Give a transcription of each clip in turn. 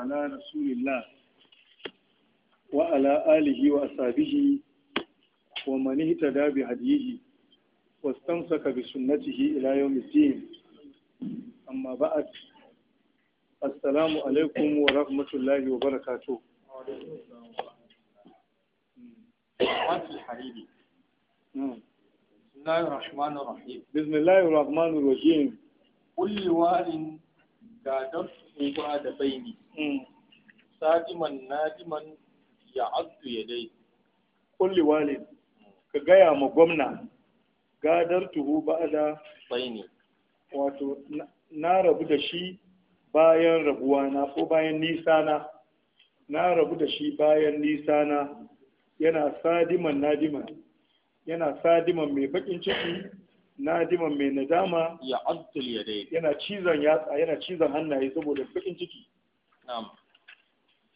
على رسول الله وعلى آله وأصحابه ومن اهتدى بهديه واستمسك بسنته إلى يوم الدين أما بعد السلام عليكم ورحمة الله وبركاته بسم الله الرحمن الرحيم بسم الله الرحمن الرحيم كل وال قادرت hu da baini hmm. sajiman najiman ya addu ya dai kulli walid ka gaya ma gwamna gadar tuhu ba da baini wato na rabu da shi bayan rabuwa na ko bayan nisa na na rabu da shi bayan nisa na yana sadiman najiman, yana sadiman mai bakin ciki nadiman mai nadama ya abdul yadai yana cizon yatsa yana cizon hannaye saboda bakin ciki na'am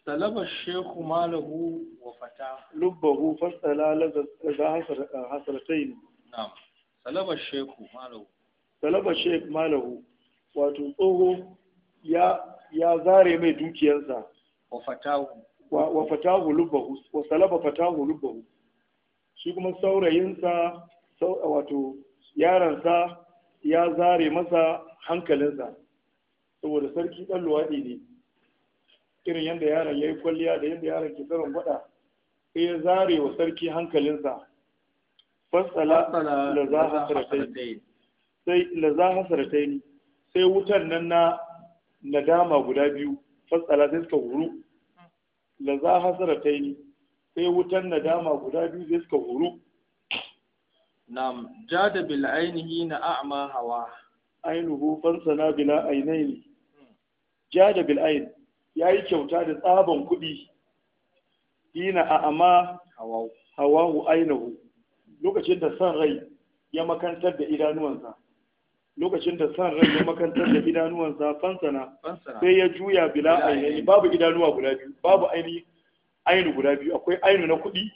talaba shehu malahu wa fata lubbahu fasala laza hasratain na'am talaba shehu malahu talaba shehu malahu wato tsoho ya ya zare mai dukiyarsa wa fatahu wa fatahu lubbahu wa talaba fatahu lubbahu shi kuma saurayinsa wato yaransa ya zare masa hankalinsa saboda sarki dan luwaɗi ne irin yadda yaron ya yi kwalliya da yadda yaron ke tsaron gwada sai ya zare wa sarki hankalinsa fasala da za hasaratai sai la za hasaratai ne sai wutan nan na nadama guda biyu fasala sai suka huru hmm. la za hasaratai ne sai wutan nadama guda biyu sai suka huru nam jada bil na a'ma hawa ainihu farsana bila ainaini hmm. jada bil ain yayi kyauta da tsaban kuɗi hina a'ma hawa hawahu lokacin da san rai ya makantar da idanuwansa lokacin da san rai ya makantar da idanuwansa fansana sai ya juya bila ainihi babu idanuwa guda biyu babu ainihi akwai ainu na kuɗi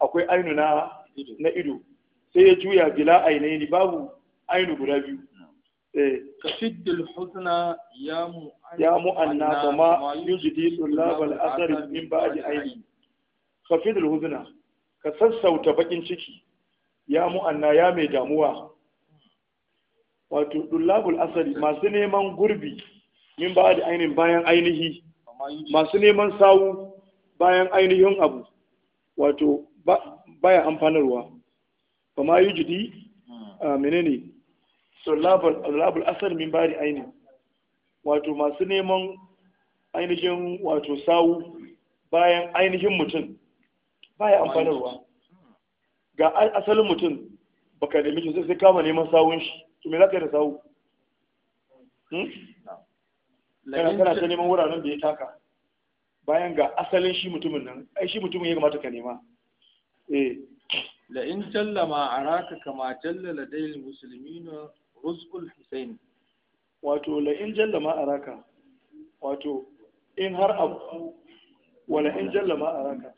akwai ainu na ido sai ya juya bila ainihi babu ainu guda biyu eh, ya كشد الحزن يا يا مؤنى asarin min ba الاثر من بعد عين كشد ka sassauta bakin ciki ya mu'anna ya mai damuwa wato dullabul asari masu neman gurbi min ba da ainihin bayan ainihi masu neman sawu bayan ainihin abu wato baya amfanarwa fa ma yujdi ah, menene labul asar min bari aini wato masu neman ainihin wato sawu bayan ainihin mutum ya amfanarwa ga asalin mutum baka da mutum sai kama neman sawun shi to me ka yi da sawu hmm? kana kana ta neman wuraren da ya taka bayan ga asalin shi mutumin nan ai shi mutumin ya kamata ka nema eh la in jalla araka kama jalla ladayil muslimina ruzqul husain wato la in araka wato in har abu wala in jalla araka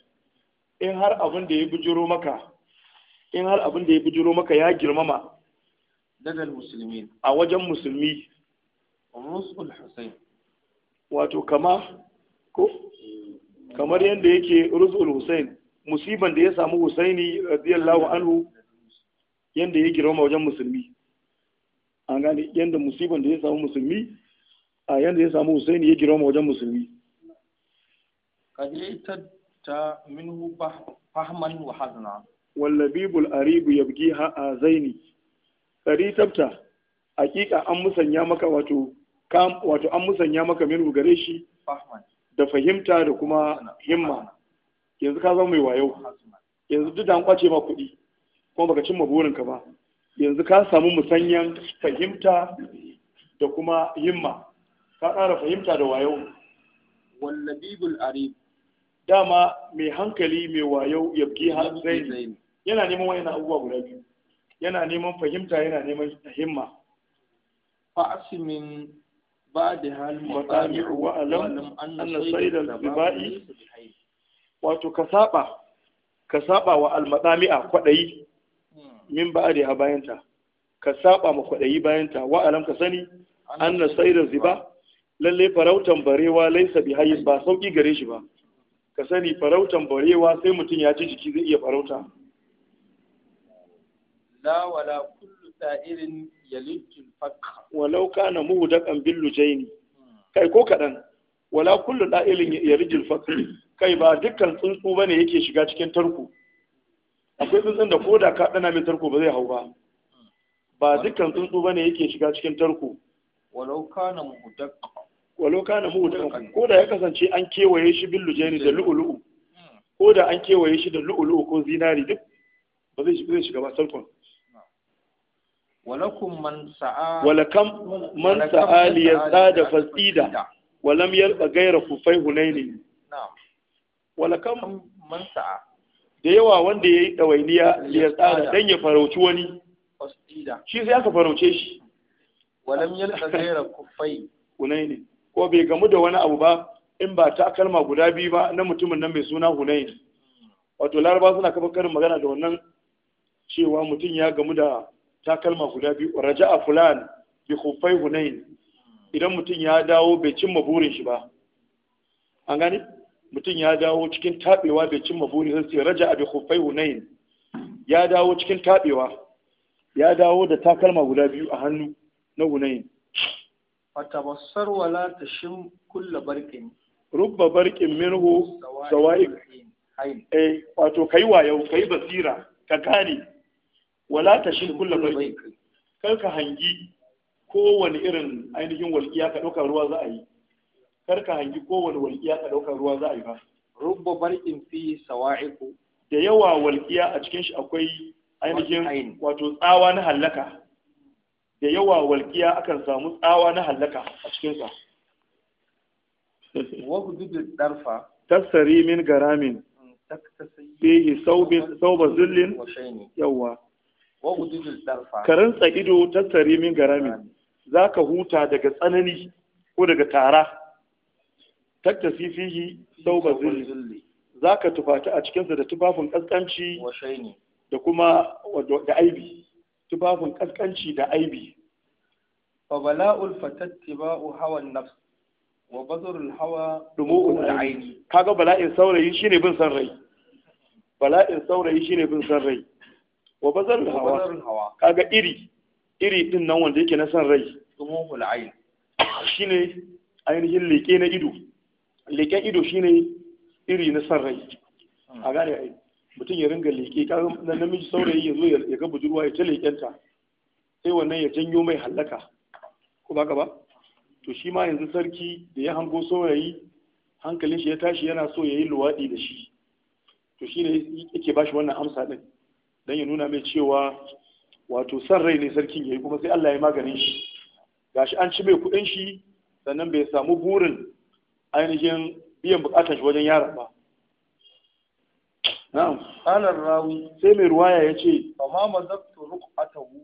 in har abin da ya bujiro maka in har da maka ya girmama a wajen musulmi husain wato kama ko kamar yadda yake rusul husain musiban da ya samu Husaini radiyallahu anhu yanda ya girma wajen musulmi an gane yanda musiban da ya samu musulmi a yanda ya samu Husaini ya girma wajen musulmi kadita ta minhu fahman wa hazna wallabibul aribu yabgi ha a zaini azaini tabta hakika an musanya maka wato kam wato an musanya maka minhu gare shi da fahimta da kuma himma yanzu ka zama mai wayo yanzu duk da an kwace ma kuɗi kuma baka cimma burinka ba yanzu ka samu musanyen fahimta da kuma himma ka ƙara fahimta da wayo wallabibul arif dama mai hankali mai wayo ya har zaini yana neman na abubuwa guda biyu yana neman fahimta yana neman himma fa'asimin ba da halin makami wa alam sai da zaba'i wato ka saba ka saba wa almadami'a kwadayi min ba'adi a bayanta ka saba ma kwadayi bayanta wa alam ka sani anna sayra ziba lalle farautan barewa laisa bi hayy ba sauki gare shi ba ka sani farautan barewa sai mutum ya ci jiki zai iya farauta la wala kullu sa'irin yalittul fakka walau kana muhdaqan bil lujaini kai ko kadan wala kullu da'ilin yalittul fakka kai ba dukkan tsuntsu bane yake shiga cikin tarko akwai tsuntsun da ko da ka dana mai tarko ba zai hau ba ba dukkan tsuntsu bane yake shiga cikin tarko walau kana muhudaq walau kana muhudaq ko da ya kasance an kewaye shi bin lujani da lu'ulu'u ko da an kewaye shi da lu'ulu'u ko zinari duk ba zai shiga shiga ba tarkon walakum man sa'a walakam man sa'a liyazada fasida walam yarda gaira kufai hunaini na'am Wala man sa'a da yawa wanda ya yi ɗawainiya ya tsara dan ya farauci wani shi sai aka farauce shi walam yalqa ghayra kuffai hunaini ko bai gamu da wani abu ba in ba ta kalma guda biyu ba na mutumin nan mai suna hunaini wato laraba suna kafa karin magana da wannan cewa mutum ya gamu da takalma guda biyu raja a fulan bi kufai hunain idan mutum ya dawo bai cimma burin shi ba an gani mutum ya dawo cikin tabewa bai cimma buri sai raja abi khufai hunain ya dawo cikin tabewa ya dawo da takalma guda biyu a hannu na hunain fatabassar wala tashim kullu barqin rubba barqin minhu sawa'iq ai eh, wato kai wayo kai basira ka gane wala tashim kullu barqin kar ka hangi kowane irin ainihin walƙiya ka ɗauka ruwa za a yi kar ka hangi kowane walƙiya ka ɗaukar ruwa za a yi ba rubba barkin fi sawa'iku da yawa walƙiya a cikin shi akwai ainihin wato tsawa na hallaka da yawa walƙiya akan samu tsawa na hallaka a cikinsa wahu dudu darfa tasari min garamin mm, fihi sauba zullin yawa wahu dudu darfa karin ido tasari min garamin za ka huta daga tsanani ko daga tara taktasi fihi sauba zilli za ka tufata a cikinsa da tufafin ƙasƙanci da kuma da aibi tufafin ƙasƙanci da aibi bala'ul fatatti ba'u hawan nafs wa bazarul hawa dumu'ul aini kaga bala'in saurayi shine bin san rai bala'in saurayi shine bin san rai wa bazarul hawa kaga iri iri din nan wanda yake na san rai dumu'ul aini shine ainihin leke na ido leƙen ido shine iri na san rai a gane ai mutum ya ringa leƙe kaga namiji saurayi ya zo ya ga bujurwa ya ce leƙenta sai wannan ya janyo mai hallaka ko baka ba to shi ma yanzu sarki da ya hango saurayi hankalin shi ya tashi yana so ya yi luwaɗi da shi to shi ne yake bashi wannan amsa ɗin don ya nuna mai cewa wato san rai ne sarkin ya yi kuma sai Allah ya maganin shi gashi an ci mai kuɗin shi sannan bai samu burin ainihin biyan bukatar shi wajen yaron ba na'am alar rawi sai mai ruwaya ya ce fa ma hu ruqatahu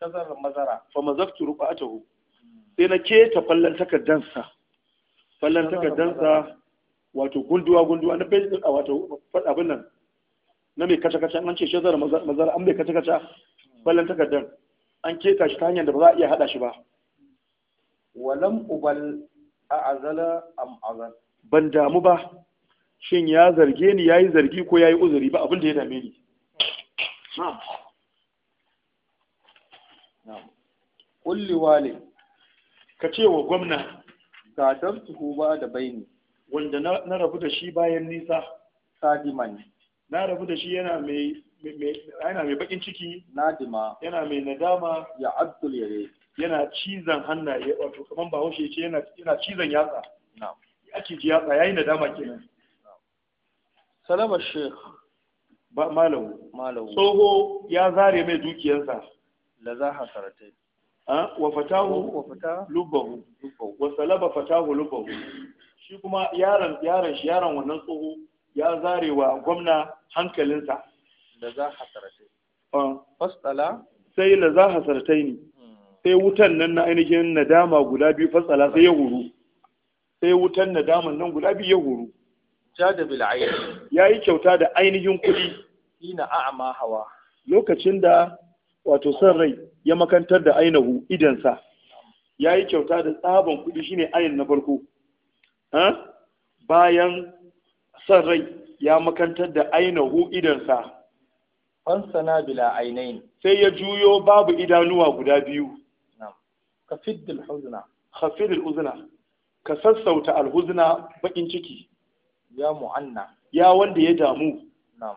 shazar mazara fa mazaktu ruqatahu sai na keta fallan sa, fallan sa wato gunduwa gunduwa na bai wato abin nan na mai kaca kaca an ce shazar mazara an mai kaca kaca fallan takardan an keta shi ta hanyar da ba za a iya hada shi ba walam ubal a azala am azal ban damu ba shin ya zarge ni yayi zargi ko yayi uzuri ba abin da ya dame ni na'am na'am kulli wali ka ce wa gwamna ga damtuhu ba da baini wanda na rabu da shi bayan nisa sadiman na rabu da shi yana mai yana mai bakin ciki nadima yana mai nadama ya abdul yare yana cizon hannaye wato kamar ba ya ce yana cizon yatsa ake ji yatsa yayi nadama kenan salama sheikh ba malawu malawu tsoho ya zare mai dukiyarsa la za a ah, wa fatahu wa fata lubahu wa salaba fatahu lubahu shi kuma yaron yaron shi yaron wannan tsoho ya zare wa gwamna hankalinsa la za hasarata ah. fasala sai la za ha ne sai wutan nan na ainihin nadama guda biyu fatsala sai ya huru sai wutan nadaman nan guda biyu ya huru jada bil ya yi kyauta da ainihin kuɗi ina amma hawa lokacin da wato san rai ya makantar da ainihu idansa ya yi kyauta da tsaban kuɗi shine ayin na farko bayan san rai ya makantar da ainihu idansa fansana bila ainihin sai ya juyo babu idanuwa guda biyu khafid al-huzna khafid al-huzna ka sassauta al-huzna bakin ciki ya mu'anna ya wanda ya damu na'am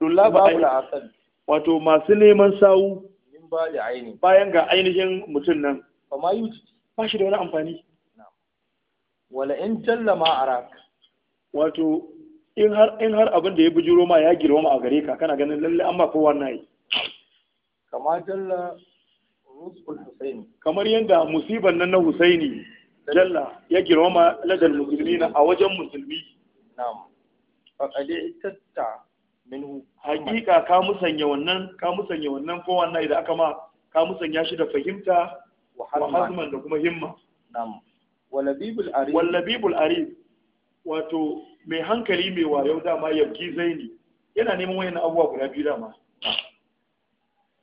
dullaba al-asad wato masu neman sawu min ba da aini bayan ga ainihin mutun nan fa ma yuji ba shi da wani amfani wala in jalla ma arak wato in har in har abin da ya bujiro ma ya girma ma a gare ka kana ganin lalle amma kowa na yi kama jalla kamar yadda musibar nan na husaini jalla ya girmama ladar musulmi na a wajen musulmi hakika ka musanya wannan ka musanya wannan ko wannan idan aka ma ka musanya shi da fahimta wa hazman da kuma himma walabibul arif wato mai hankali mai wayo dama yabgi zaini yana neman wayan abubuwa guda biyu dama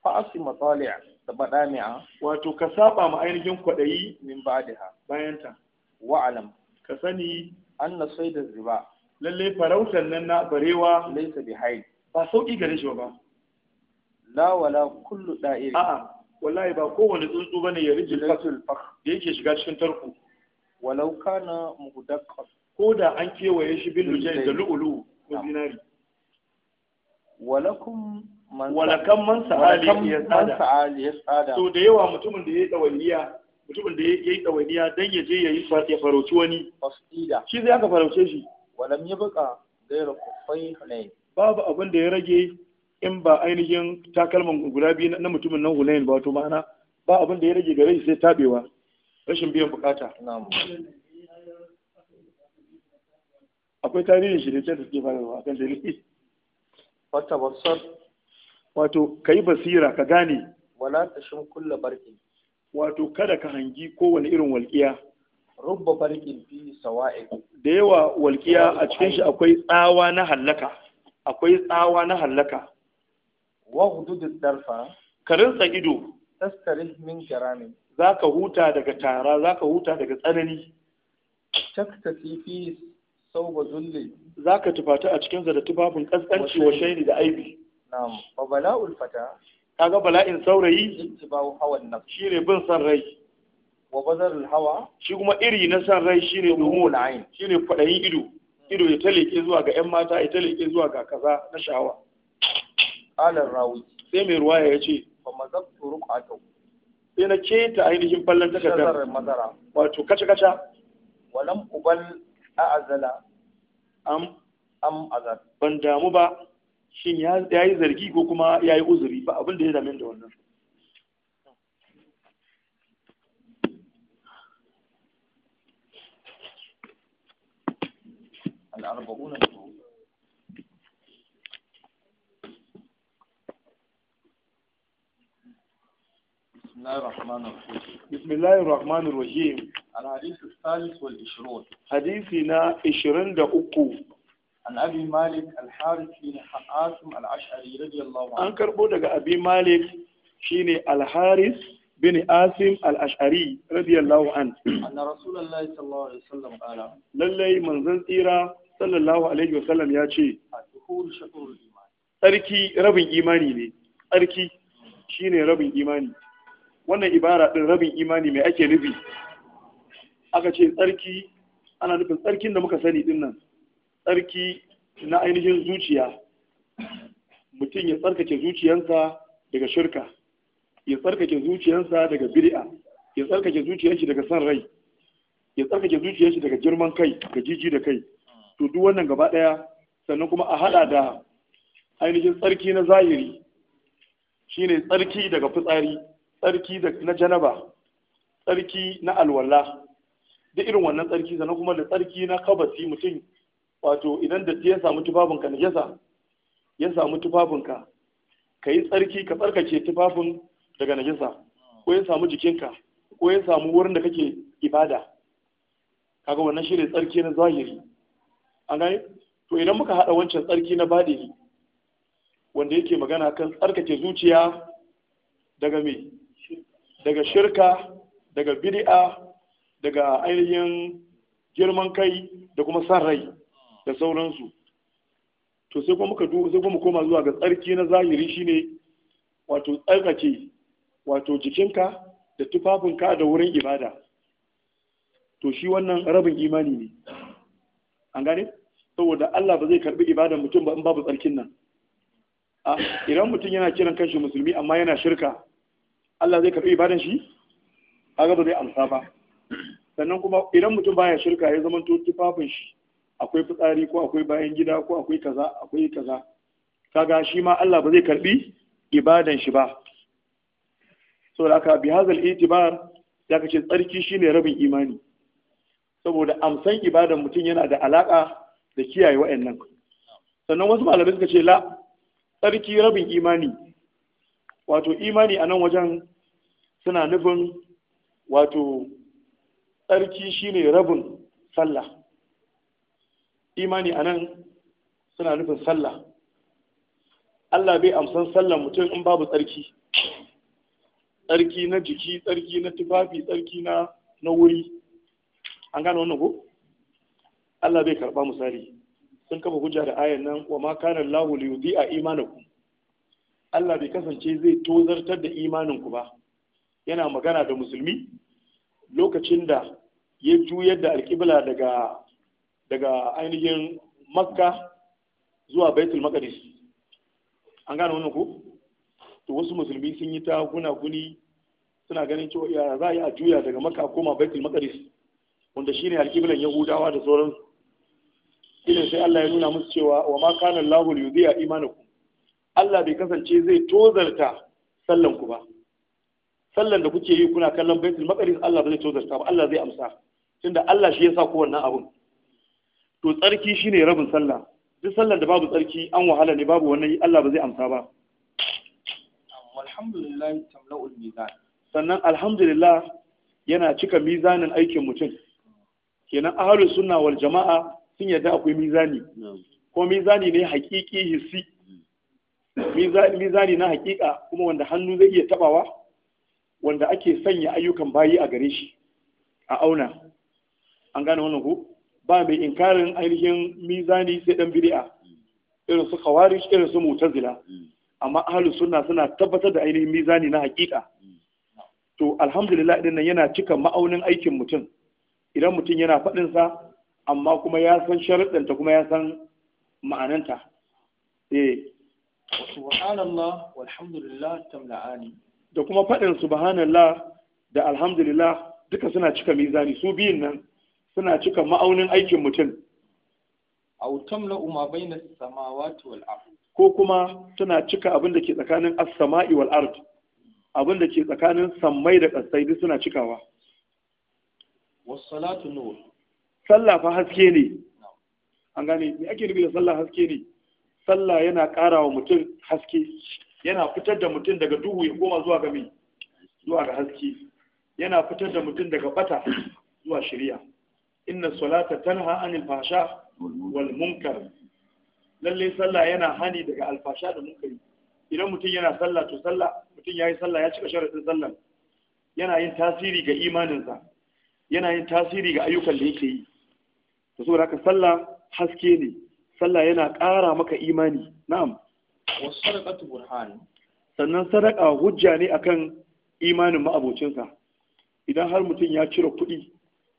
fa'asi matsali'a badami'a wato ka saba ma ainihin kwaɗayi min ha. bayan ta wa'alam ka sani sai da riba lalle farautar nan na barewa Laisa bi hayl ba sauki gare shi ba la wala kullu da'iri a'a wallahi ba kowane tsuntsu bane ya rije fasul fakh da yake shiga cikin tarko walau kana muhdaqqan ko da an kewaye shi bil Lujai da lu'ulu ko zinari walakum walakan man sa'ali ya tsada so da yawa mutumin da ya yi dawaniya mutumin da yayi yi dawaniya dan ya je ya ya farauci wani shi zai aka farauce shi walam ya baka gaira kufai hunain babu abin da ya rage in ba ainihin takalman guda biyu na mutumin nan hunain ba wato ma'ana ba abin da ya rage gare shi sai tabewa rashin biyan bukata akwai tarihin shirye-shiryen da ke da suke faruwa kan dalili fata basar wato ka yi basira ka gane wala tashin kulla barkin wato kada ka hangi kowane irin walƙiya rubba barkin fi sawa'i da yawa walƙiya a cikin shi akwai tsawa na hallaka akwai tsawa na hallaka wa hududud darfa ka rinsa ido tastarih min Za zaka huta daga tara zaka huta daga tsanani takta fi sauba zulli zaka tufata a cikin da tufafin kaskanci wa shaini da aibi na'am fa bala'ul fata kaga bala'in saurayi ittibahu hawan Shi shine bin san rai wa bazarul hawa shi kuma iri na san rai shine dumul ain shine kwadayin ido hmm. ido ya taleke zuwa ga yan mata ya taleke zuwa ga kaza na shawa alar rawi sai mai ruwaya ya ce fa mazabtu ruqatu sai na keta ainihin ballan takardar mazara wato kaca kaca walam ubal a'azala am am azar ban damu ba shin ya yi zargi ko kuma ya yi uzuri ba abin da ya dame da wannan بسم الله الرحمن الرحيم بسم الله الرحمن الرحيم الحديث الثالث والعشرون حديثنا عشرين دقوق an abi karbo daga abi malik shine al bin asim al radiyallahu an anna rasulullahi sallallahu manzon tsira sallallahu alaihi wasallam ya ce tsarki rabin imani ne tsarki shine rabin imani wannan ibara din rabin imani mai ake nufi aka ce tsarki ana nufin tsarkin da muka sani din tsarki na ainihin zuciya mutum ya tsarkake zuciyansa daga shirka ya tsarkake zuciyansa daga bir'a, ya tsarkake zuciyarsa daga san rai ya tsarkake zuciyarsa daga girman kai da jiji da kai to duk wannan gaba daya sannan kuma a hada da ainihin tsarki na zahiri shine tsarki daga fitsari tsarki na janaba tsarki na alwala da irin wannan tsarki sannan kuma da tsarki na kabasi mutum wato idan datti ya samu tufafinka na jasa ya samu tufafinka ka yi tsarki ka tsarkace tufafin daga na najasa ko ya samu jikinka ko ya samu wurin da kake ibada kaga wannan shi ne tsarki na zahiri an gane to idan muka haɗa wancan tsarki na bade, wanda yake magana kan tsarkace zuciya daga me daga shirka daga bid'a daga ainihin girman kai da kuma san rai da sauransu to sai kuma muka sai kuma koma zuwa ga tsarki na zahiri shine wato tsarkake wato jikinka da tufafinka da wurin ibada to shi wannan rabin imani ne an gane saboda Allah ba zai karbi ibadan mutum ba in babu tsarkin nan a idan mutum yana kiran kanshi musulmi amma yana shirka Allah zai karbi ibadan shi kaga ba zai amsa ba sannan kuma idan mutum baya shirka ya zama to tufafin shi akwai fitsari ko akwai bayan gida ko akwai kaza akwai kaza kaga shi ma Allah ba zai karbi ibadan shi ba da haka bi hazal itibar ya kace tsarki shine rabin imani saboda amsan ibadan mutum yana da alaka da kiyaye wa'annan sannan wasu malamai suka ce la tsarki rabin imani wato imani a nan wajen suna nufin wato tsarki shine rabin sallah imani nan suna nufin sallah Allah bai amsan Sallah mutum in babu tsarki tsarki na jiki tsarki na tufafi tsarki na wuri an gano wannan ko Allah bai karba misali sun kafa hujja da ayan nan wa ma kana Allahu li yudi'a imanakum Allah bai kasance zai tozartar da imanin ku ba yana magana da musulmi lokacin da ya juyar da alƙibla daga daga ainihin makka zuwa baitul maqdis an gane wannan ku? to wasu musulmi sun yi ta guni, suna ganin cewa ya za a yi a juya daga makka koma baitul maqdis wanda shine alƙiblan yahudawa da sauran ila sai Allah ya nuna musu cewa wa ma kana Allahu yudhi'a imanakum Allah bai kasance zai tozarta sallan ku ba sallan da kuke yi kuna kallon baitul maqdis Allah ba zai tozarta ba Allah zai amsa tunda Allah shi ya sa ku wannan abun to tsarki shine rabin sallah duk sallar da babu tsarki an wahala ne babu wannan Allah ba zai amsa ba alhamdulillah tamla'ul mizan sannan alhamdulillah yana cika mizanin aikin mutum kenan ahlus sunna wal jama'a sun yadda akwai mizani ko mizani ne hakiki hissi mizani na hakika kuma wanda hannu zai iya tabawa wanda ake sanya ayyukan bayi a gare shi a auna an gane wannan ku ba mai inkarin ainihin mizani sai dan bid'a irin su khawarij irin su mu'tazila amma ahlus sunna suna tabbatar da ainihin mizani na hakika to alhamdulillah din nan yana cika ma'aunin aikin mutum idan mutum yana faɗin sa amma kuma ya san ta kuma ya san ma'ananta eh subhanallah walhamdulillah tamla'ani da kuma faɗin subhanallah da alhamdulillah duka suna cika mizani su biyun nan suna cika ma'aunin aikin mutum aw tamla'u ma bai na samawati wal ko kuma tana cika abin da ke tsakanin as-sama'i wal ard abin da ke tsakanin sammai da ƙasai duk suna cikawa Wasu salatu nur sallah fa haske ne an gane me ake nufi da sallah haske ne sallah yana ƙara wa mutum haske yana fitar da mutum daga duhu ya koma zuwa ga mai zuwa ga haske yana fitar da mutum daga bata zuwa shari'a inna salata tana anil fasha wal munkar lalle sallah yana hani daga alfasha da yi. idan mutum yana sallah to sallah mutum yi sallah ya cika sharaɗin sallah. yana yin tasiri ga imaninsa yana yin tasiri ga ayyukan da yake yi Ka saboda haka sallah haske ne sallah yana ƙara maka imani na'am wasu sadaqatu sannan sadaka hujja ne akan imanin ma'abocinsa idan har mutum ya cire kuɗi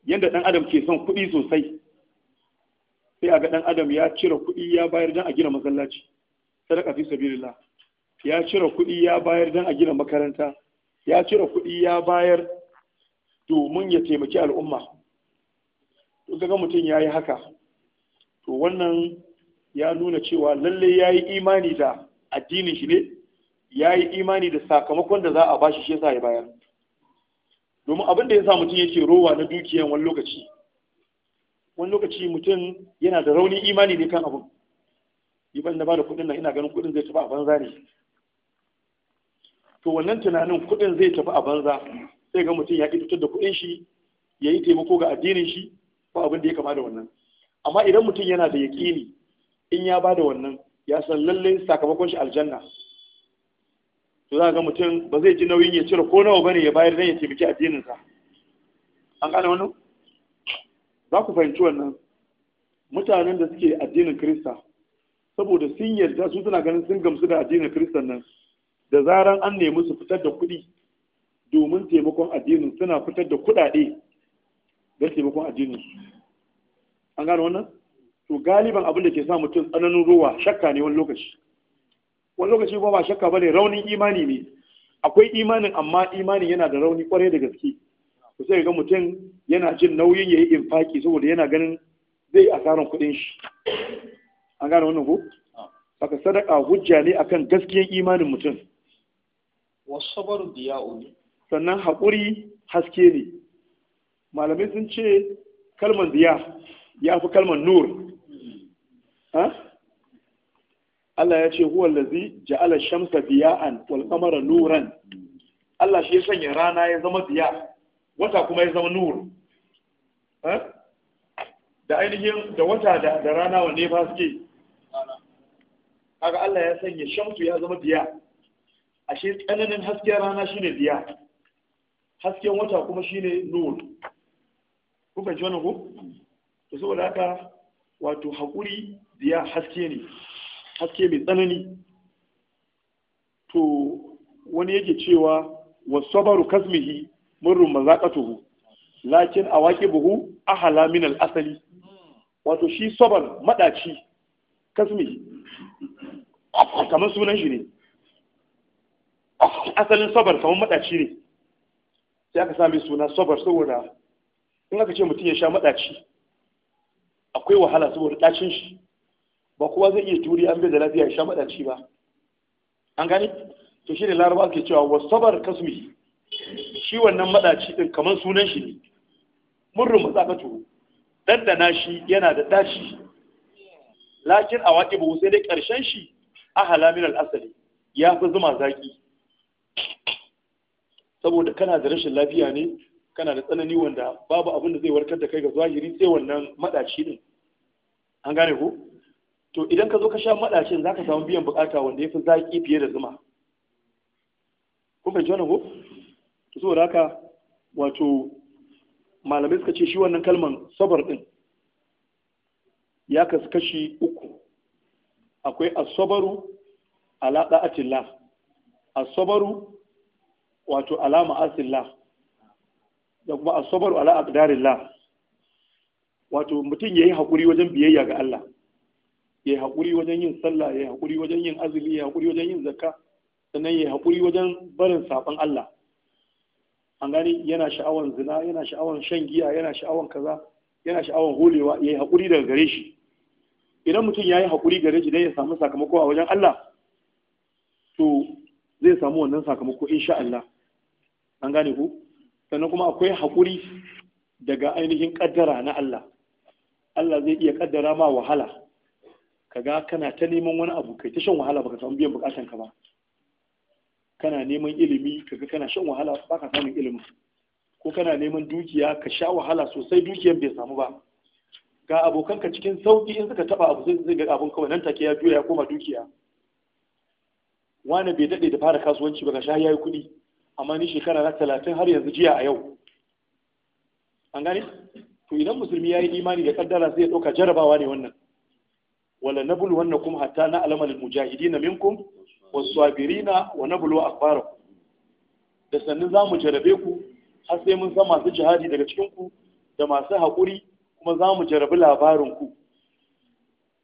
Yadda ɗan adam ke son kuɗi sosai sai a ga ɗan adam ya cire kuɗi ya bayar don a gina masallaci sadaka fi sabilillah ya cire kuɗi ya bayar don a gina makaranta ya cire kuɗi ya bayar domin ya taimaki al'umma to kaga mutum ya yi haka to wannan ya nuna cewa lallai ya yi imani da addinin shi ne ya yi imani da sakamakon da za a bashi shi ya bayar domin abin da ya sa mutum yake rowa na dukiyan wani lokaci wani lokaci mutum yana da rauni imani ne kan abin iban na ba da kuɗin nan ina ganin kuɗin zai tafi a banza ne to wannan tunanin kuɗin zai tafi a banza sai ga mutum ya ƙi fitar da kuɗin shi ya yi taimako ga addinin shi ko abin da ya kama da wannan amma idan mutum yana da yaƙini in ya ba da wannan ya san lallai sakamakon shi aljanna to za ga mutum ba zai ji nauyin ya cire ko nawa bane ya bayar dan ya taimaki addinin sa an gane wannan za ku fahimci wannan mutanen da suke addinin Kirista saboda sun yarda su suna ganin sun gamsu da addinin Kirista nan da zaran an nemi su fitar da kuɗi domin taimakon addinin suna fitar da kuɗaɗe don taimakon addinin an gane wannan to galiban abin da ke sa mutum tsananin ruwa shakka ne wani lokaci wani lokaci kuma ba shakka bane raunin imani ne akwai imanin amma imanin yana da rauni kwarai da gaske ku sai ga mutum yana jin nauyin ya yi infaki saboda yana ganin zai asaran kuɗin shi an gane wannan ko saka sadaka hujja ne akan gaskiyan imanin mutum wasabaru diya'u sannan haƙuri haske ne malamai sun ce kalmar diya ya fi kalmar nur hmm. Allah ya ce huwa lazi ja'ala shamsa diya'an wal qamara nuran Allah shi ya sanya rana ya zama diya wata kuma ya zama nur eh? da ainihin da wata da rana wanne ya suke kaga Allah ya sanya shamsu ya zama diya ashe tsananin hasken rana shine diya hasken wata kuma shine nur Kuka ji wannan ko to saboda haka wato hakuri diya haske ne haske mai tsanani to wani yake cewa wa sabaru kazmihi murrun mazaqatuhu lakin awaqibuhu ahla min al-asali wato shi sabar madaci kasmi kamar sunan shi ne asalin sabar kamar madaci ne sai aka sami suna sabar saboda in aka ce mutum ya sha madaci akwai wahala saboda dacin shi ba kowa zai iya turi an bai da lafiya sha maɗaci ba an gani to shi ne laraba ke cewa wa sabar kasmi shi wannan maɗaci din kamar sunan shi ne murrin matsakatu Dandana shi yana da ɗaci lakin a waƙi ba sai dai ƙarshen shi a halamin al'asali ya fi zuma zaƙi saboda kana da rashin lafiya ne kana da tsanani wanda babu abin da zai warkar da kai ga zahiri sai wannan maɗaci din. an gane ko to idan ka zo ka sha maɗacin za ka samu biyan bukata wanda ya fi zaƙi fiye da zuma kun fahimci wannan ko to saboda haka wato malamai suka ce shi wannan kalman sabar ɗin ya kasu kashi uku akwai asabaru ala da'atillah asabaru wato alama ma'asillah da kuma asabaru ala aqdarillah wato mutum yayi hakuri wajen biyayya ga Allah ya haƙuri wajen yin sallah ya haƙuri wajen yin azumi ya haƙuri wajen yin zakka sannan ya haƙuri wajen barin saɓon Allah an gani yana sha'awan zina yana sha'awan shan giya yana sha'awan kaza yana sha'awan holewa ya yi haƙuri daga gare shi idan mutum ya yi haƙuri gare shi don ya samu sakamako a wajen Allah to zai samu wannan sakamako insha Allah an gane ku sannan kuma akwai haƙuri daga ainihin ƙaddara na Allah Allah zai iya ƙaddara ma wahala kaga kana ta neman wani abu kai ta shan wahala baka samu biyan bukatanka ka ba kana neman ilimi kaga kana shan wahala baka samun ilimin ko kana neman dukiya ka sha wahala sosai dukiyar bai samu ba ga abokanka cikin sauki in suka taba abu sai zai ga abun kawai nan take ya juya ya koma dukiya wani bai dade da fara kasuwanci ba ga sha ya yi kuɗi amma ni shekara na talatin har yanzu jiya a yau an gane to idan musulmi ya yi imani da kaddara zai ɗauka jarabawa ne wannan wala wannan kuma hatta na alamal mujahidina minkum was-sabirina wa wa akhbarakum da sannin mu jarabe ku har sai mun san masu jihadi daga cikin ku da masu haƙuri kuma mu jarabi labarin ku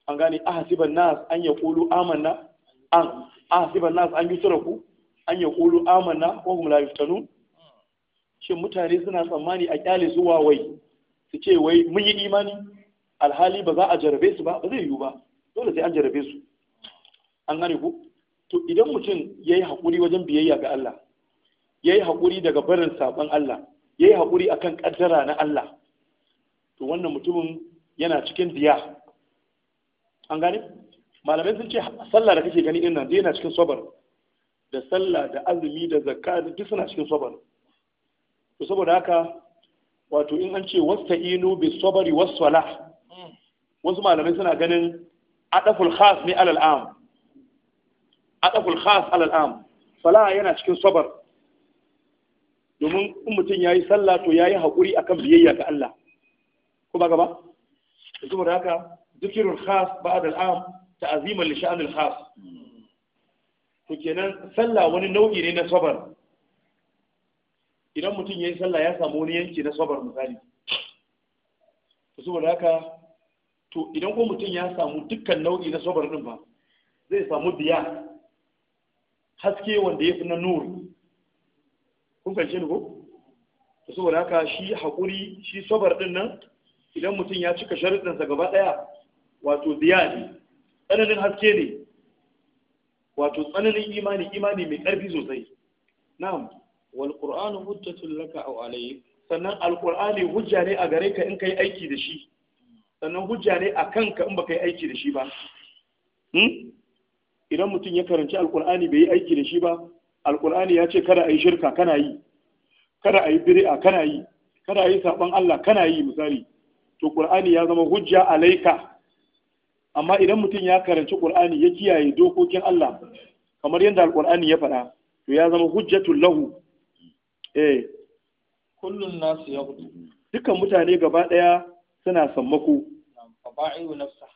an gane hasiban nas an ya kulu amanna an nas an ku an kulu amanna ko kuma shin mutane suna tsammani a kyale zuwa wai su ce wai mun yi imani alhali ba za a jarabe su ba ba zai yiwu ba dole sai an jarabe su an gane ku to idan mutum ya yi haƙuri wajen biyayya ga Allah ya yi haƙuri daga barin saɓon Allah ya yi haƙuri a kan ƙaddara na Allah to wannan mutumin yana cikin diya an gane malamai sun ce sallah da kake gani ɗin nan yana cikin sabar da sallah da azumi da zakka da duk suna cikin sabar to saboda haka wato in an ce wasta'inu bi sabari was salah wasu malamai suna ganin adaful khas ne alal am adaful khas alal am salaha yana cikin sabar domin in mutum yayi sallah to yayi hakuri akan biyayya ga Allah ko ba gaba saboda haka zikirul khas ba'd al am ta'ziman li sha'an al khas to kenan sallah wani nau'i ne na sabar idan mutum yayi sallah ya samu wani yanki na sabar misali saboda haka to idan ko mutum ya samu dukkan nau'i na sabar din ba zai samu biya haske wanda ya fi na nur. kun fahimce ni ko to saboda haka shi haƙuri shi sabar din nan idan mutum ya cika sa gaba ɗaya wato biya ne tsananin haske ne wato tsananin imani imani mai ƙarfi sosai na'am wal qur'anu hujjatul laka aw alayk sannan alqur'ani hujja ne a gare ka in kai aiki da shi sannan hujja ne a kanka in baka yi aiki da shi ba hmm? idan mutum ya karanci alkur'ani bai yi aiki da shi ba alkur'ani ya ce kada a yi shirka kana yi kada a yi biri'a kana yi kada a yi saɓon Allah kana yi misali to ƙur'ani ya zama hujja alaika amma idan mutum ya karanci ƙur'ani ya kiyaye dokokin Allah kamar yadda alƙur'ani ya faɗa to ya zama hujjatul lahu eh kullun nasu ya dukkan mutane gaba ɗaya suna sammako ba'iru nafsa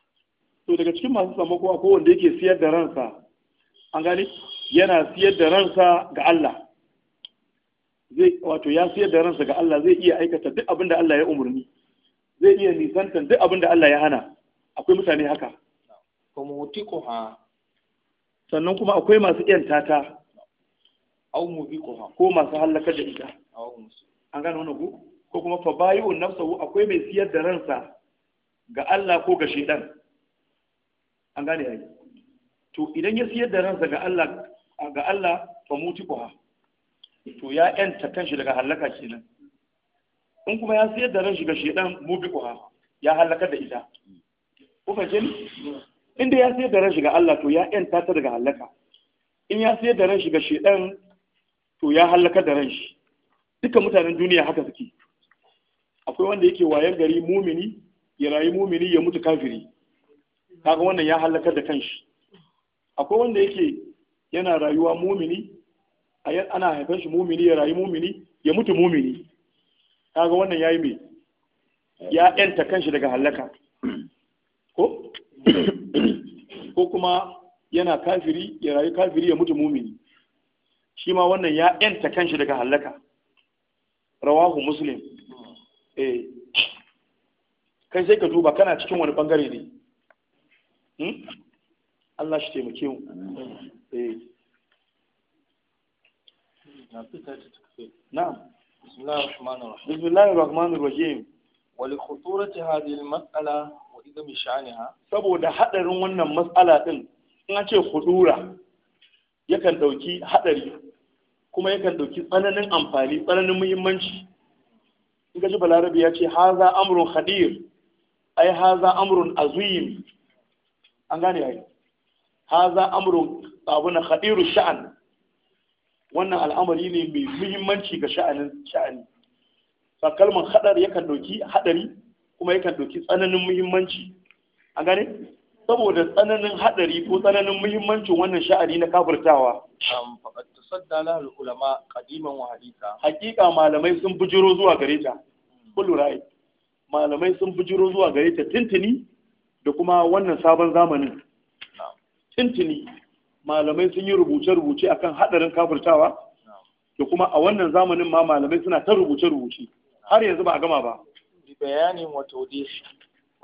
to daga cikin masu sammako akwai wanda yake siyar da ransa an gani yana siyar da ransa ga Allah zai wato ya siyar da ransa ga Allah zai iya aikata duk abin da Allah ya umarni zai iya nisantan duk abin da Allah ya hana akwai mutane haka kuma ha sannan kuma akwai masu yanta ta au mubiquha ko masu halaka da ita an gane wannan ku ko kuma fa bayu nafsahu akwai mai siyar da ransa ga Allah ko ga shaidan an gane yayi to idan ya siyar da ransa ga Allah ga Allah fa ha, to ya yanta kanshi daga halaka kenan in kuma ya siyar da ranshi ga shaidan ha ya halaka da ita ku In inda ya siyar da ranshi ga Allah to ya yanta ta daga halaka in ya siyar da ranshi ga shaidan to ya halaka da ranshi duka mutanen duniya haka suke akwai wanda yake wayan gari mumini ya rayu mumini ya mutu kafiri kaga wannan ya halakar da kanshi akwai wanda yake yana rayuwa mumini ana haifar shi mumini ya rayu mumini ya mutu mumini kaga wannan ya yi mai, ya yanta kanshi daga halaka ko ko kuma yana kafiri ya rayu kafiri ya mutu mumini shi ma wannan ya yanta kanshi daga halaka rawahu muslim eh kai sai ka duba kana cikin wani bangare ne hmm? Allah shi taimake mu eh. na'am بسم الله الرحمن الرحيم بسم الله الرحمن الرحيم ولخطورة saboda hadarin wannan mas'ala din in an ce khudura yakan dauki hadari kuma yakan dauki tsananin amfani tsananin muhimmanci in ga ji balarabi ya ce haza amrun khadir ai haza amrun azim an gane ai haza amrun abuna khadiru sha'an wannan al'amari ne mai muhimmanci ga sha'anin sha'ani fa kalman yakan dauki hadari kuma yakan dauki tsananin muhimmanci an gane saboda tsananin hadari ko tsananin muhimmancin wannan sha'ani na kafirtawa faqad tasaddala al ulama qadiman wa haditha haqiqa malamai sun bujiro zuwa gare ta kullu ra'i malamai sun bujiro zuwa gare ta tintini da kuma wannan sabon zamanin tintini malamai sun yi rubuce-rubuce akan hadarin kafirtawa da kuma a wannan zamanin ma malamai suna ta rubuce-rubuce har yanzu ba a gama ba bayanin wato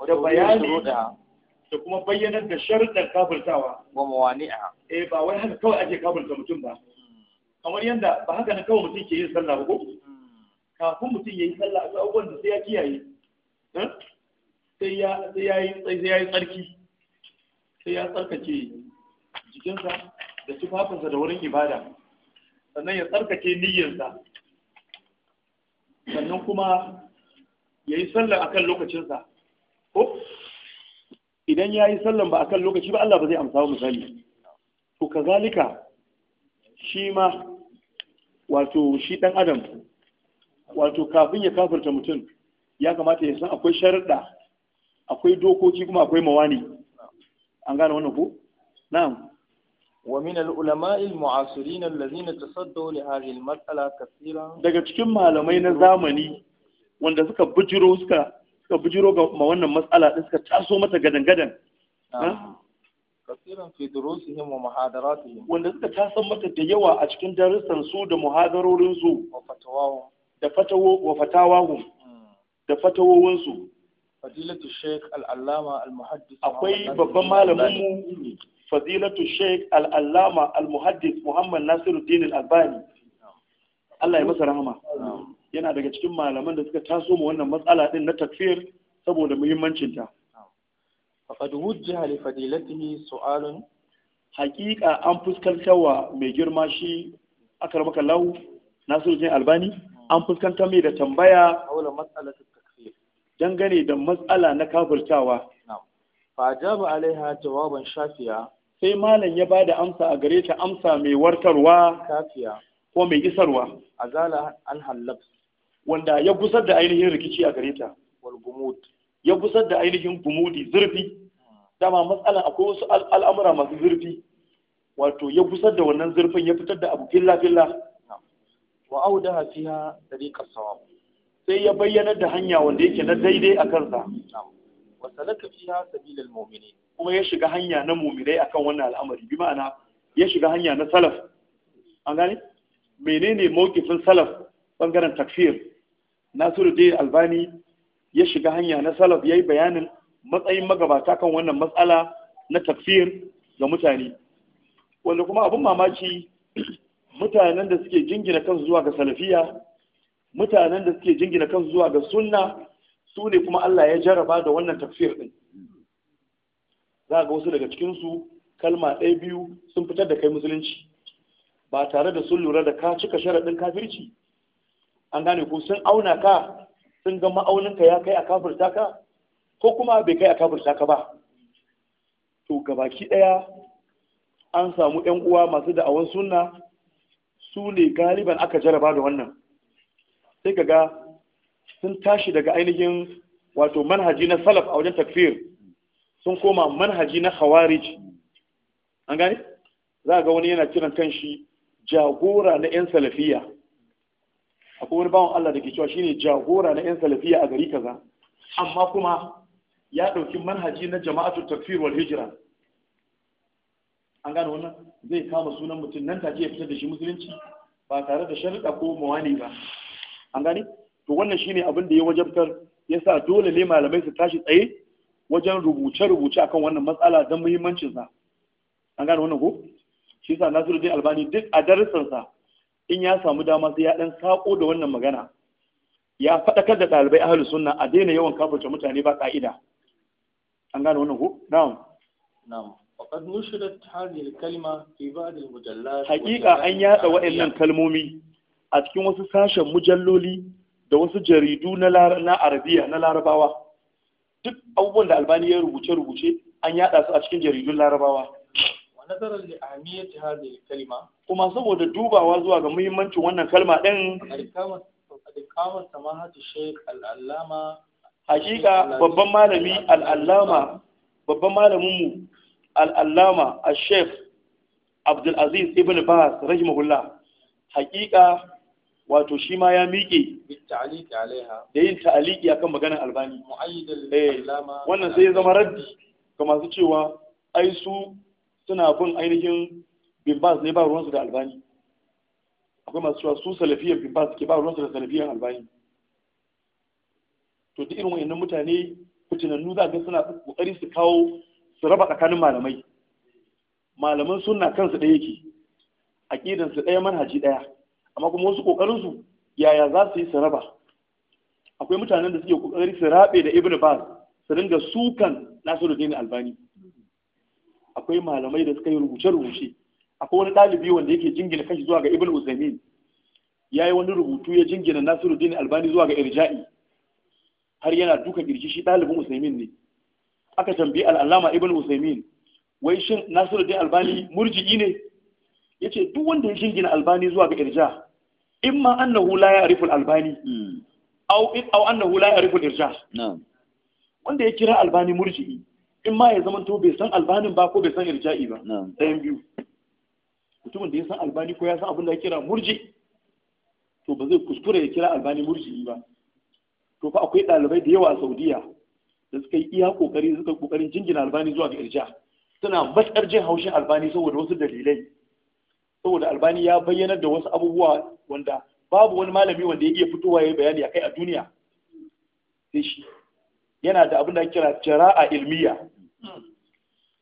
da bayani da kuma bayyanar da sharuɗan kafirtawa wa a eh ba wai haka kawai ake kafirta mutum ba hmm. kamar yadda ba haka ne kawai mutum ke yin sallah ba ko hmm. kafin mutum ya yi sallah akwai abubuwan da sai ya kiyaye sai ya yi tsarki sai ya tsarkake jikinsa da tufafinsa da wurin ibada sannan ya tsarkake niyyarsa sannan kuma ya yi sallan a kan lokacinsa ko idan ya yi sallan ba a kan lokaci ba Allah ba zai amsa wa misali to kazalika shi ma wato shi dan adam wato kafin ya kafirta mutum ya kamata ya san akwai sharaɗa akwai dokoki kuma akwai mawani an gane wannan ko na'am wa min al-ulama'i al-mu'asirin allazina tasaddaw li hadhihi al-mas'ala kaseeran daga cikin malamai na zamani wanda suka bujiro suka suka bujiro ga ma wannan matsala din suka taso mata gadan-gadan kaseeran fi durusihim wa muhadaratihim wanda suka taso mata da yawa a cikin darussan su da muhadarorin su wa da fatawo wa da fatawowinsu fadilatu sheik al'allama al-muhaddis akwai babban malaminmu fadilatu sheik al'allama al-muhaddis muhammad nasiruddin al-albani Allah ya masa rahama yana daga cikin malaman da suka taso ma wannan matsala din na takfir saboda muhimmancinta faqad wujjaha li fadilatihi su'alun haƙiƙa an fuskantawa mai girma shi akar maka lau nasiruddin albani an fuskanta mai da tambaya haula matsalar dangane da matsala na kafirtawa fajaba alaiha jawaban shafiya sai malam ya ba da amsa a gare ta amsa mai wartarwa kafiya ko mai isarwa azala an halab wanda ya gusar da ainihin rikici a gare ta wal gumud ya gusar da ainihin gumudi zurfi dama matsala akwai wasu al'amura masu zurfi wato ya gusar da wannan zurfin ya fitar da abu filla filla Wa'au da hafiya tariqas sawab sai ya bayyana da hanya wanda yake na daidai a kansa wa salaka fiha sabilal mu'minin kuma ya shiga hanya na mu'minai akan wannan al'amari bi ma'ana ya shiga hanya na salaf an gane menene mawkifin salaf bangaren takfir Nasiruddin Albani ya shiga hanya na salaf yayi bayanin matsayin magabata kan wannan matsala na takfir ga mutane wanda kuma abin mamaki, mutanen da suke jingina kansu zuwa ga salafiya mutanen da suke jingina kansu zuwa ga sunna su ne kuma Allah ya jaraba da wannan tafsir din za ga wasu daga su kalma ɗaya biyu sun fitar da kai musulunci ba tare da sun lura da ka cika sharaɗin kafirci an gane ko sun auna ka sun ga ma'auninka ya kai a kafirta ka ko kuma bai kai a kafirta ka ba to gabaki ɗaya an samu 'yan uwa masu da'awar sunna su ne galiban aka jaraba da wannan sai ka ga sun tashi daga ainihin wato manhaji na salaf a wajen takfir sun koma manhaji na khawarij an gane za ga wani yana kiran kanshi jagora na 'yan salafiya akwai wani bawon Allah da ke cewa shine jagora na 'yan salafiya a gari kaza amma kuma ya ɗauki manhaji na jama'atu takfir wal hijira an gane wannan zai kama sunan mutum nan take ya fitar da shi musulunci ba tare da sharuɗa ko muwani ba an gane to wannan shine abin da ya wajabtar yasa dole ne malamai su tashi tsaye wajen rubuce-rubuce akan wannan matsala don muhimmancin sa an gane wannan ko shi yasa Nasiruddin Albani duk a darussansa in ya samu dama sai ya dan sako da wannan magana ya faɗakar da ɗalibai ahlus sunna a daina yawan kafirce mutane ba ka'ida an gane wannan ko na'am na'am faqad نشرت هذه al في بعض المجلات al-mujallat haqiqa an كلمومي kalmomi a cikin wasu sashen mujalloli da wasu jaridu na arabiya na larabawa duk abubuwan da albani ya rubuce-rubuce an yada su a cikin jaridun larabawa nazarar da kuma saboda dubawa zuwa ga muhimmancin wannan kalma din hakika babban malami babban malamin mu al a ash Abdulaziz ibn bas rahimahullah hakika wato shi ma ya miƙe da yin ta'aliki akan maganar albani eh, wannan sai ya zama raddi ga masu cewa ai su suna bin ainihin bimbas ne ba ruwansu da albani akwai masu cewa su salafiyan bimbas ke ba ruwansu da salafiyan albani to duk irin wayannan mutane fitinannu za ga suna kokari su kawo su raba tsakanin malamai malaman sunna kansu ɗaya yake a ƙidansu ɗaya manhaji ɗaya amma kuma wasu kokarin su yaya za su yi saraba? akwai mutanen da suke kokari su rabe da ibnu baz su dinga sukan nasiruddin albani akwai malamai da suka yi rubuce rubuce akwai wani ɗalibi wanda yake jingina kashi zuwa ga ibnu uzaimin ya yi wani rubutu ya jingina nasiruddin albani zuwa ga irja'i har yana duka girji shi ɗalibin uzaimin ne aka tambayi al'allama ibn uzaimin wai shin nasiruddin albani murji'i ne ya ce duk wanda ya jingina albani zuwa ga irja'i imma annahu la ya'rifu al-albani aw hmm. aw annahu la ya'rifu al-irja wanda ya kira albani murji'i in ma ya zama to bai san albanin ba ko bai san irja'i ba dan biyu mutumin da ya san albani ko ya san abin da ya kira murji to ba zai kuskure ya kira albani murji'i ba to fa akwai ɗalibai da yawa a saudiya da suka yi iya kokari suka kokarin jingina albani zuwa ga irja suna matsar jin haushin albani saboda wasu dalilai saboda albani ya bayyanar da wasu abubuwa wanda babu wani malami wanda ya iya fitowa ya bayani a kai a duniya sai shi yana da abin da ake kira jara'a ilmiya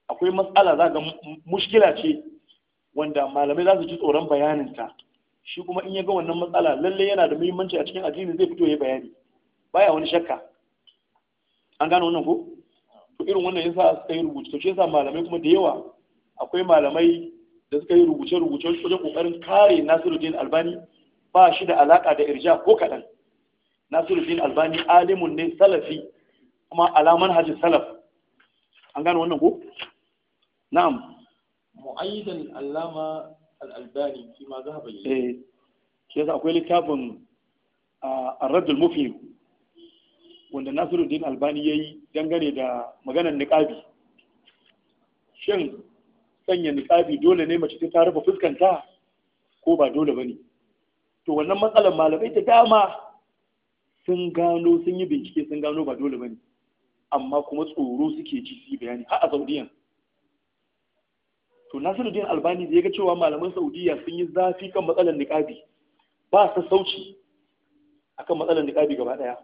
akwai matsala za ga mushkila ce wanda malamai za su ji tsoron bayaninta shi kuma in ya ga wannan matsala lalle yana da muhimmanci a cikin addini zai fito ya bayani baya wani shakka an gano wannan ko to irin wannan yasa suka yi rubutu to shi yasa malamai kuma da yawa akwai malamai da suka yi rubuce-rubuce wajen kokarin kare Nasiruddin Albani ba shi da alaka da irja ko kaɗan. Nasiruddin Albani alimun ne salafi kuma alaman hajji salaf. An gane wannan ko? Na'am. Mu'ayyidan alama al'albani fi ma za a bayyana. Eh, shi yasa akwai littafin a raddul Mufim wanda Nasiruddin Albani ya yi dangane da maganar niƙabi. Shin sanya niƙabi dole ne mace ta rufe fuskanta ko ba dole ne? to wannan matsalar malamai ta dama sun gano sun yi bincike sun gano ba dole ne, amma kuma tsoro suke ji su bayani har a Saudiyan to Nasiruddin Albani da ya ga cewa malaman Saudiya sun yi zafi kan matsalar niƙabi, ba su sassauci akan matsalar niƙabi gaba ɗaya.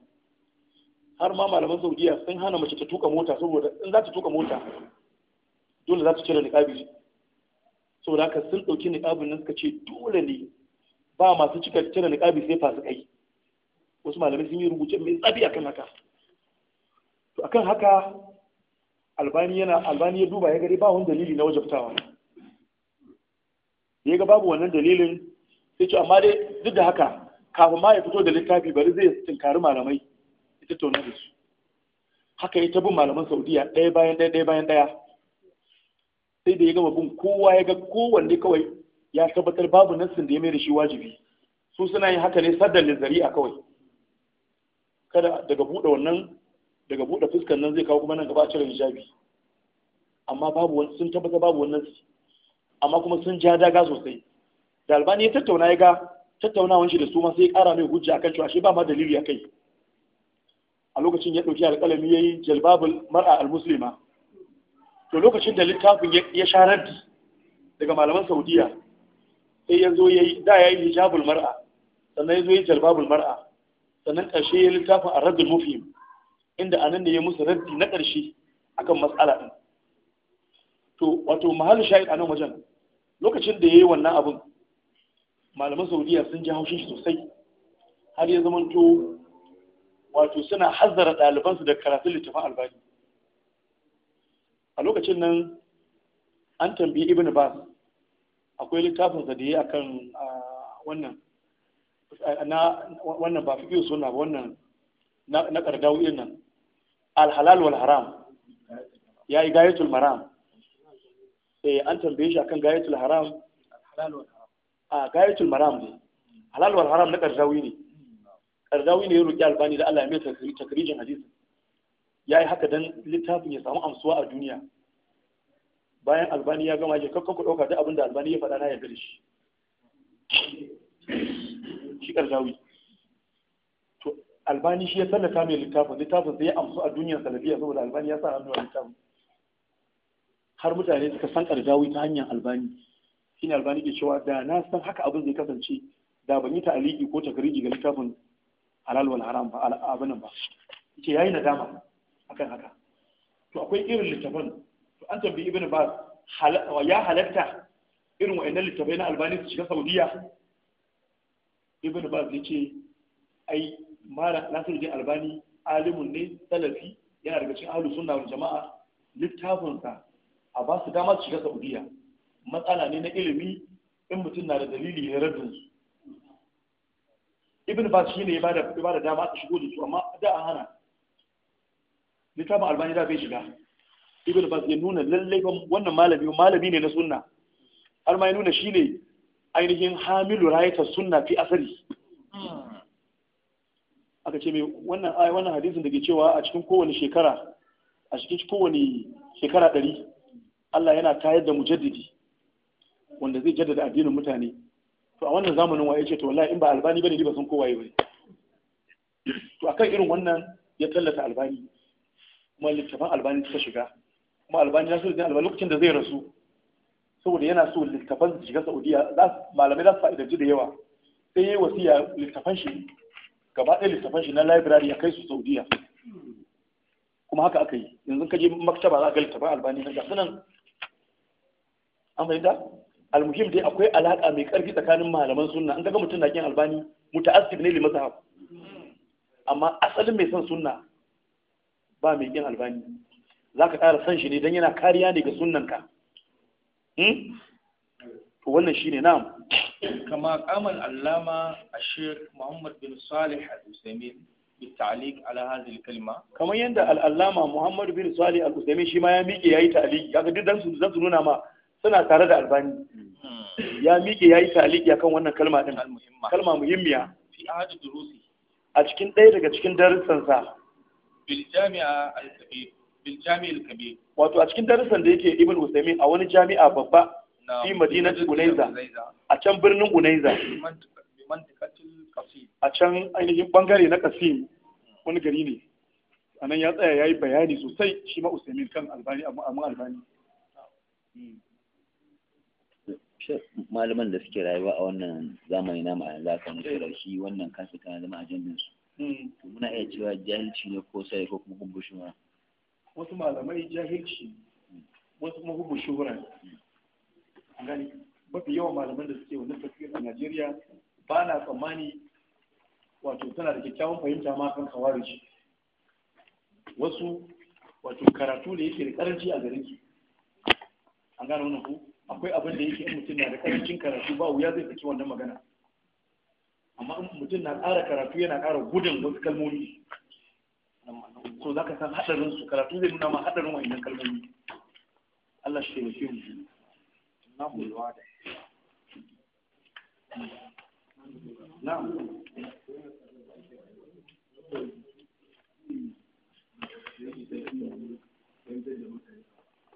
har ma malaman Saudiya sun hana mace ta tuka mota saboda in za ta tuka mota dole za su cire so da haka sun ɗauki niƙabin nan suka ce dole ne ba masu cika cire niƙabi sai kai. wasu malamai sun yi rubuce mai tsabi akan haka to akan haka albani yana albani ya duba ya gari ba wani dalili na wajabtawa ya ga babu wannan dalilin sai ce amma dai duk da haka kafin ma ya fito da littafi bari zai tunkari malamai ya tattauna da su haka ya bin malaman saudiya ɗaya bayan ɗaya ɗaya bayan ɗaya sai da ya gama bin kowa ya ga kowanne kawai ya tabbatar babu nassin da ya mai da shi wajibi su suna yin haka ne saddan a kawai kada daga buɗe wannan daga buɗe fuskan nan zai kawo kuma nan gaba a cire hijabi amma babu wani sun tabbata babu wannan amma kuma sun ja daga sosai da albani ya tattauna ya ga tattaunawan shi da su ma sai ya ƙara mai hujja akan cewa shi ba ma dalili akai a lokacin ya ɗauki alƙalami ya yi jalbabul mar'a al-muslima to lokacin da littafin ya sharar daga malaman saudiya sai ya zo ya yi da ya yi hijabul mar'a sannan ya zo ya yi jalbabul mar'a sannan ƙarshe ya littafin a raddin mufhim inda anan ne ya musu raddi na ƙarshe akan matsala ɗin to wato mahallu shahid a nan wajen lokacin da ya yi wannan abin malaman saudiya sun ji haushin shi sosai har ya zamanto wato suna hazzara ɗalibansu da karatun littafin albani a lokacin nan an tambayi ibn bas akwai littafin da ya akan wannan na wannan ba fiye suna ba wannan na ƙardawu irin nan alhalal wal haram ya yi gayatul maram eh an tambaye shi akan gayatul haram a gayatul maram ne halal wal haram na ƙardawi ne ƙardawi ne ya roƙi albani da Allah ya mai takrijin hadisin ya yi haka don littafin ya samu amsuwa a duniya bayan albani ya gama ya kakkan ku ɗauka duk albani ya faɗa na yarda da shi shi ƙarzawi to albani shi ya tallata mai littafin littafin sai ya amsu a duniyar salafiya saboda albani ya sa hannu a littafin har mutane suka san ƙarzawi ta hanyar albani shine albani ke cewa da na san haka abin zai kasance da ban yi ta'aliki ko takariji ga littafin halal wal haram ba abinan ba yace yayi nadama akan haka to akwai irin littafan to an tambayi ibn baz ya halatta irin wayannan littafai na albani su shiga saudiya ibn bas yace ce ai mara nasiruddin albani alimun ne salafi yana daga cikin ahlus sunna wal jama'a littafinsa a ba su dama su shiga saudiya matsala ne na ilimi in mutum na da dalili ya raddin ibn bas shine ya bada dama su shigo da su amma da an hana littafin albani da bai shiga ibn bas ya nuna lallai wannan malami malami ne na sunna har ma ya nuna shine ainihin hamilu rayata sunna fi asali aka ce mai wannan ayi wannan hadisin da ke cewa a cikin kowane shekara a cikin kowane shekara ɗari Allah yana tayar da mujaddidi wanda zai jaddada addinin mutane to a wannan zamanin waye ce to wallahi in ba albani bane ni ba san kowaye bane to akan irin wannan ya tallata albani kuma littafan albani suka shiga kuma albani so da albani lokacin da zai rasu saboda yana so littafan su shiga saudiya malamai za su fa'idanci da yawa sai ya yi wasiya littafan shi gaba ɗaya littafan shi na library ya kai su saudiya kuma haka aka yi yanzu ka je maktaba za ga littafan albani na gasu nan an fahimta almuhim dai akwai alaƙa mai ƙarfi tsakanin malaman sunna an ga mutum na kin albani muta'assib ne li amma asalin mai son sunna ba mai yin albani za ka ƙara san shi ne don yana kariya ne ga sunanka hmm? wannan shi ne na'am kama kamar allama ashir muhammad bin salih al-usaimin bitalik alhazi kalma kamar yadda al'allama muhammad bin salih al-usaimin shi ma ya miƙe ya yi ta'alik ya ga duk zan su nuna ma suna tare da albani hmm. ya miƙe ya yi ta'alik ya kan wannan kalma din kalma muhimmiya a cikin ɗaya daga cikin darussansa wato a cikin darussan da yake ibn usaimin a wani jami'a babba fi madinatu unaiza a can birnin unaiza a can ainihin bangare na kasim wani gari ne a nan ya tsaya ya yi bayani sosai shi ma usaimin kan albani amma albani malaman da suke rayuwa a wannan zamani na ma'ana za ka shi wannan kansu tana zama ajandinsu Hmm, muna iya cewa jahilci ne ko sai ko kuma hubbu shuhura wasu malamai jahilci wasu kuma hubbu shuhura gani mafi yawan malaman da suke wannan tafiyar a Najeriya ba na tsammani wato tana da kyakkyawan fahimta ma kan kawarici wasu wato karatu da yake da karanci a garin su an gani wannan ku akwai abin da yake mutum na da karancin karatu ba wuya zai saki wannan magana amma mutum na ƙara karatu yana ƙara gudun wasu kalmomi so za ka san haɗarin su karatu zai nuna ma haɗarin wa'annan kalmomi Allah shi taimake mu na hulwa da na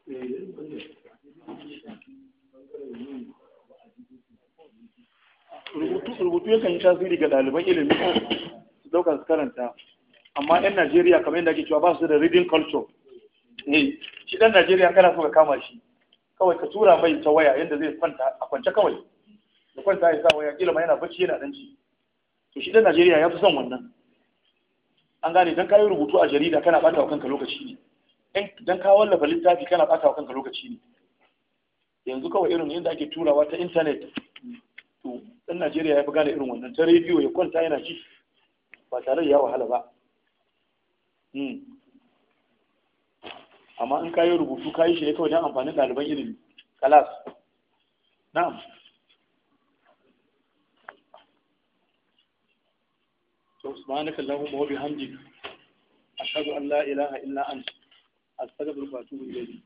Thank eh, rubutu yakan yi tasiri ga ɗaliban ilimi su ɗaukar su karanta amma 'yan najeriya kamar yadda ake cewa ba su da reading culture eh, shi ɗan najeriya kana so ka kama shi kawai ka tura mai ta waya yadda zai kwanta a kwance kawai da kwanta ya sa waya ilima yana bacci yana ɗan ci to shi ɗan najeriya ya fi son wannan an gane don kayi rubutu a jarida kana ɓata wa kanka lokaci ne don ka wallafa littafi kana ɓata wa kanka lokaci ne yanzu kawai irin yadda ake turawa ta intanet ɗan Najeriya ya fi gane irin wannan ta rediyo ya kwanta yana ji ba tare da ya wahala ba hmm. amma in ka yi rubutu ka yi shi ne kawai don amfanin ɗaliban ilimi kalas na'am سبحانك اللهم وبحمدك أشهد أن لا إله إلا أنت أستغفرك وأتوب إليك